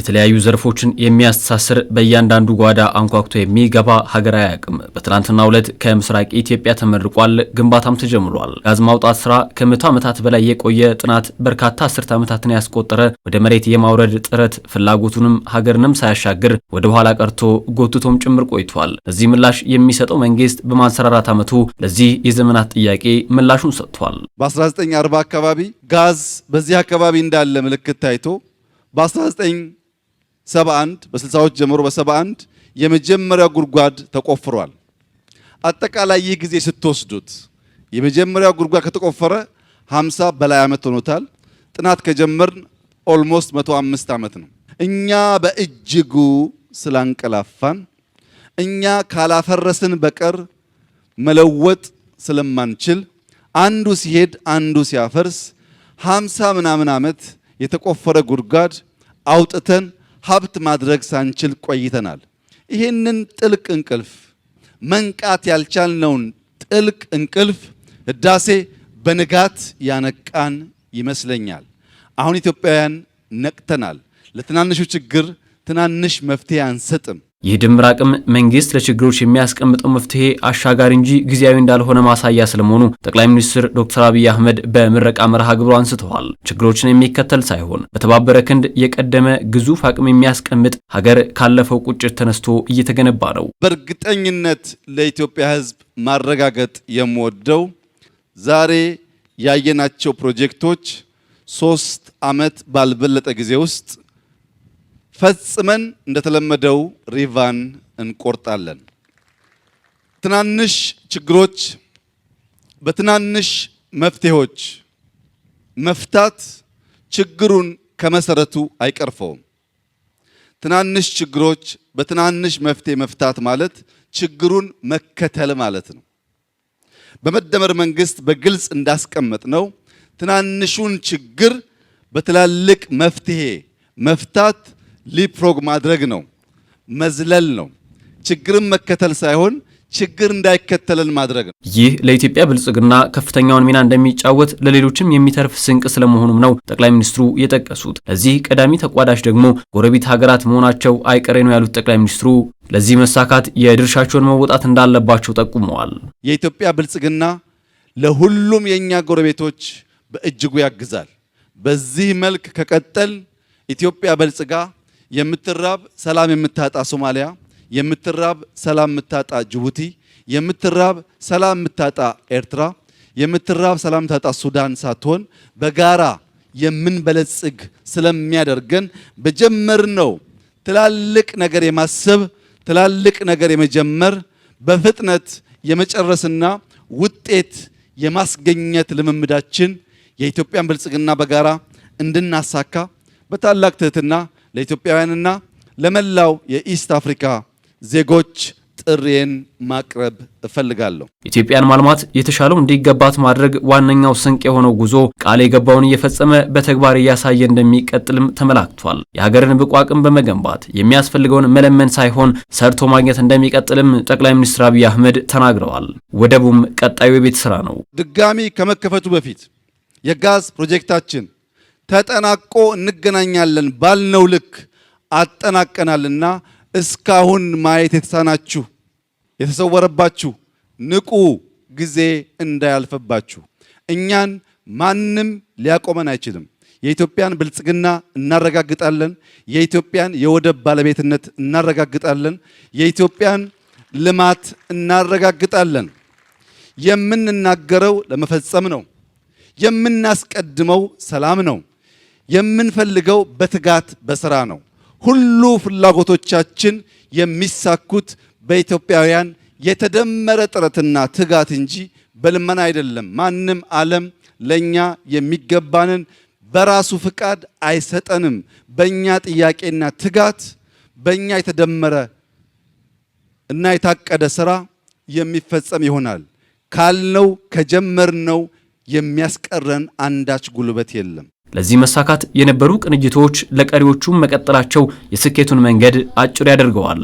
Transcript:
የተለያዩ ዘርፎችን የሚያስተሳስር በእያንዳንዱ ጓዳ አንኳኩቶ የሚገባ ሀገራዊ አቅም በትናንትናው ዕለት ከምስራቅ ኢትዮጵያ ተመርቋል። ግንባታም ተጀምሯል። ጋዝ ማውጣት ስራ ከመቶ ዓመታት በላይ የቆየ ጥናት፣ በርካታ አስርት ዓመታትን ያስቆጠረ ወደ መሬት የማውረድ ጥረት ፍላጎቱንም ሀገርንም ሳያሻግር ወደ ኋላ ቀርቶ ጎትቶም ጭምር ቆይቷል። ለዚህ ምላሽ የሚሰጠው መንግስት በማንሰራራት ዓመቱ ለዚህ የዘመናት ጥያቄ ምላሹን ሰጥቷል። በ1940 አካባቢ ጋዝ በዚህ አካባቢ እንዳለ ምልክት ታይቶ በ19 71 በ60ዎች ጀምሮ በ71 የመጀመሪያው ጉድጓድ ተቆፍሯል። አጠቃላይ ይህ ጊዜ ስትወስዱት የመጀመሪያው ጉድጓድ ከተቆፈረ 50 በላይ ዓመት ሆኖታል። ጥናት ከጀመርን ኦልሞስት 105 ዓመት ነው። እኛ በእጅጉ ስላንቀላፋን እኛ ካላፈረስን በቀር መለወጥ ስለማንችል አንዱ ሲሄድ አንዱ ሲያፈርስ 50 ምናምን ዓመት የተቆፈረ ጉድጓድ አውጥተን ሀብት ማድረግ ሳንችል ቆይተናል። ይህንን ጥልቅ እንቅልፍ መንቃት ያልቻልነውን ጥልቅ እንቅልፍ ህዳሴ በንጋት ያነቃን ይመስለኛል። አሁን ኢትዮጵያውያን ነቅተናል። ለትናንሹ ችግር ትናንሽ መፍትሄ አንሰጥም። ይህ ድምር አቅም መንግስት ለችግሮች የሚያስቀምጠው መፍትሄ አሻጋሪ እንጂ ጊዜያዊ እንዳልሆነ ማሳያ ስለመሆኑ ጠቅላይ ሚኒስትር ዶክተር አብይ አህመድ በምረቃ መርሃ ግብሩ አንስተዋል። ችግሮችን የሚከተል ሳይሆን በተባበረ ክንድ የቀደመ ግዙፍ አቅም የሚያስቀምጥ ሀገር ካለፈው ቁጭት ተነስቶ እየተገነባ ነው። በእርግጠኝነት ለኢትዮጵያ ሕዝብ ማረጋገጥ የምወደው ዛሬ ያየናቸው ፕሮጀክቶች ሶስት ዓመት ባልበለጠ ጊዜ ውስጥ ፈጽመን እንደተለመደው ሪቫን እንቆርጣለን። ትናንሽ ችግሮች በትናንሽ መፍትሄዎች መፍታት ችግሩን ከመሰረቱ አይቀርፈውም። ትናንሽ ችግሮች በትናንሽ መፍትሄ መፍታት ማለት ችግሩን መከተል ማለት ነው። በመደመር መንግስት በግልጽ እንዳስቀመጥ ነው ትናንሹን ችግር በትላልቅ መፍትሄ መፍታት ሊፕሮግ ማድረግ ነው፣ መዝለል ነው። ችግርን መከተል ሳይሆን ችግር እንዳይከተልን ማድረግ ነው። ይህ ለኢትዮጵያ ብልጽግና ከፍተኛውን ሚና እንደሚጫወት ለሌሎችም የሚተርፍ ስንቅ ስለመሆኑም ነው ጠቅላይ ሚኒስትሩ የጠቀሱት። ለዚህ ቀዳሚ ተቋዳሽ ደግሞ ጎረቤት ሀገራት መሆናቸው አይቀሬ ነው ያሉት ጠቅላይ ሚኒስትሩ ለዚህ መሳካት የድርሻቸውን መወጣት እንዳለባቸው ጠቁመዋል። የኢትዮጵያ ብልጽግና ለሁሉም የእኛ ጎረቤቶች በእጅጉ ያግዛል። በዚህ መልክ ከቀጠል ኢትዮጵያ በልጽጋ የምትራብ ሰላም የምታጣ ሶማሊያ፣ የምትራብ ሰላም የምታጣ ጅቡቲ፣ የምትራብ ሰላም የምታጣ ኤርትራ፣ የምትራብ ሰላም የምታጣ ሱዳን ሳትሆን በጋራ የምንበለጽግ ስለሚያደርገን በጀመርነው ትላልቅ ነገር የማሰብ ትላልቅ ነገር የመጀመር በፍጥነት የመጨረስና ውጤት የማስገኘት ልምምዳችን የኢትዮጵያን ብልጽግና በጋራ እንድናሳካ በታላቅ ትህትና ለኢትዮጵያውያንና ለመላው የኢስት አፍሪካ ዜጎች ጥሬን ማቅረብ እፈልጋለሁ። ኢትዮጵያን ማልማት የተሻለው እንዲገባት ማድረግ ዋነኛው ስንቅ የሆነው ጉዞ ቃል የገባውን እየፈጸመ በተግባር እያሳየ እንደሚቀጥልም ተመላክቷል። የሀገርን ብቁ አቅም በመገንባት የሚያስፈልገውን መለመን ሳይሆን ሰርቶ ማግኘት እንደሚቀጥልም ጠቅላይ ሚኒስትር አብይ አህመድ ተናግረዋል። ወደቡም ቀጣዩ የቤት ስራ ነው። ድጋሚ ከመከፈቱ በፊት የጋዝ ፕሮጀክታችን ተጠናቆ እንገናኛለን ባልነው ልክ አጠናቀናልና እስካሁን ማየት የተሳናችሁ የተሰወረባችሁ ንቁ፣ ጊዜ እንዳያልፈባችሁ። እኛን ማንም ሊያቆመን አይችልም። የኢትዮጵያን ብልጽግና እናረጋግጣለን። የኢትዮጵያን የወደብ ባለቤትነት እናረጋግጣለን። የኢትዮጵያን ልማት እናረጋግጣለን። የምንናገረው ለመፈጸም ነው። የምናስቀድመው ሰላም ነው። የምንፈልገው በትጋት በስራ ነው። ሁሉ ፍላጎቶቻችን የሚሳኩት በኢትዮጵያውያን የተደመረ ጥረትና ትጋት እንጂ በልመና አይደለም። ማንም ዓለም ለኛ የሚገባንን በራሱ ፍቃድ አይሰጠንም። በእኛ ጥያቄና ትጋት፣ በእኛ የተደመረ እና የታቀደ ስራ የሚፈጸም ይሆናል። ካልነው ከጀመርነው የሚያስቀረን አንዳች ጉልበት የለም። ለዚህ መሳካት የነበሩ ቅንጅቶች ለቀሪዎቹም መቀጠላቸው የስኬቱን መንገድ አጭር ያደርገዋል።